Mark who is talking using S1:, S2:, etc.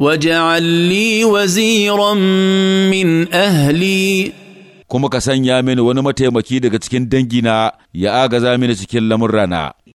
S1: واجعل لي وزيرا min أهلي kuma ka sanya mini wani mataimaki daga cikin dangina ya agaza mini cikin lamurrana.